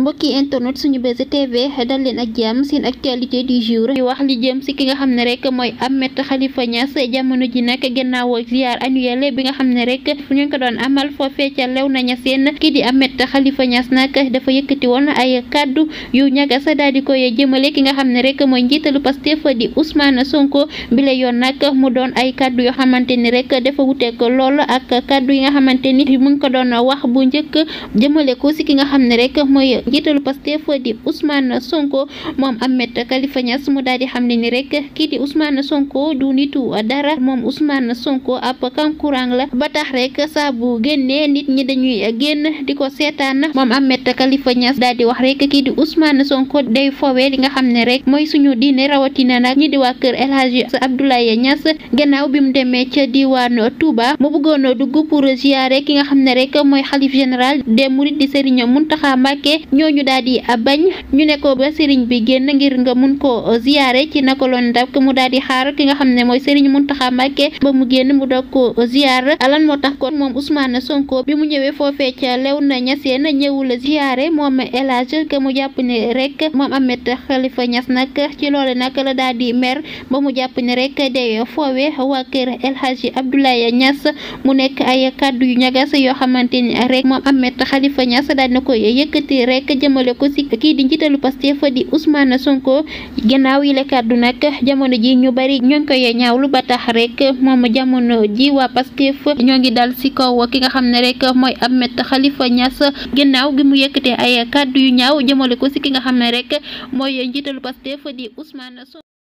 mbokki internet suñu buzz TV dal leen ak jaam seen actualité du jour di wax li jëm si ki nga xam ne rek mooy Ahmed Khalifa Niass jamono ji nag gannaaw ziar annuelle bi nga xam ne rek fu ñu ko doon amal foofee ca Léona Niassène kii di Ahmed Khalifa Niass nag dafa yëkkati woon ay kaddu yu ñagas daal di koy jëmale ki nga xam ne rek mooy njiitalu Pastef di Ousmane Sonko bi la yoon nag mu doon ay kaddu yoo xamante ni rek dafa ko lool ak kaddu yi nga xamante ni mu ngi ko doon wax bu njëkk jëmale ko si ki nga xam ne rek mooy njiitalu foo di Ousmane Sonko moom am Ahmed Khalifa Niass mu daal di xam ne ni rek kii di Ousmane Sonko du nitu dara moom Ousmane Sonko ab kankurang la ba tax rek saa génnee nit ñi dañuy génn di ko seetaan moom Ahmed Khalifa Niass daal di wax rek kii di usmaan Sonko day fowe li nga xam ne rek mooy suñu diine rawatina nag ñi di waa kër El Hadji Abdoulaye ñas gannaaw bi mu demee ca diwaan Touba mu bëggoon dugg pour ziare ki nga xam ne rek mooy xalif général des mourides di Serigne Mountakha Mbacké ñooñu daal di bañ ñu ne ko ba sëriñ bi génn ngir nga mun ko uh, ziyaare ci ko loon dàkk mu daal di xaar ki nga xam ne mooy sëriñ Muntaxa Mbàkke ba mu génn mu doog ko uh, ziyaar lan moo tax kon moom Ousmane Sonko bi mu ñëwee foofee ca Léona Niassène ñëwul ziyaare moom a Hadj que mu jàpp ne rek moom Ahmed Khalifa ñas nag ci loole nak la daal di mer ba mu jàpp ni rek day foowe waa kër El Hadj Abdoulaye Niass mu nekk ay kàddu yu ñagas yoo xamante ni rek moom Ahmed rek jëmale ko si kii di njiitalu Pastef di Ousmane Sonko gannaaw yi la kàddu nag jamono ji ñu bari ñoo ngi koy ñaawlu ba tax rek moom jamono ji waa Pastef ñoo ngi dal si kaw ki nga xam ne rek mooy Ahmed xalifa ñas gannaaw gi mu yëkkatee ay kàddu yu ñaaw jëmale ko si ki nga xam ne rek mooy njiitalu Pastef di Ousmane Sonko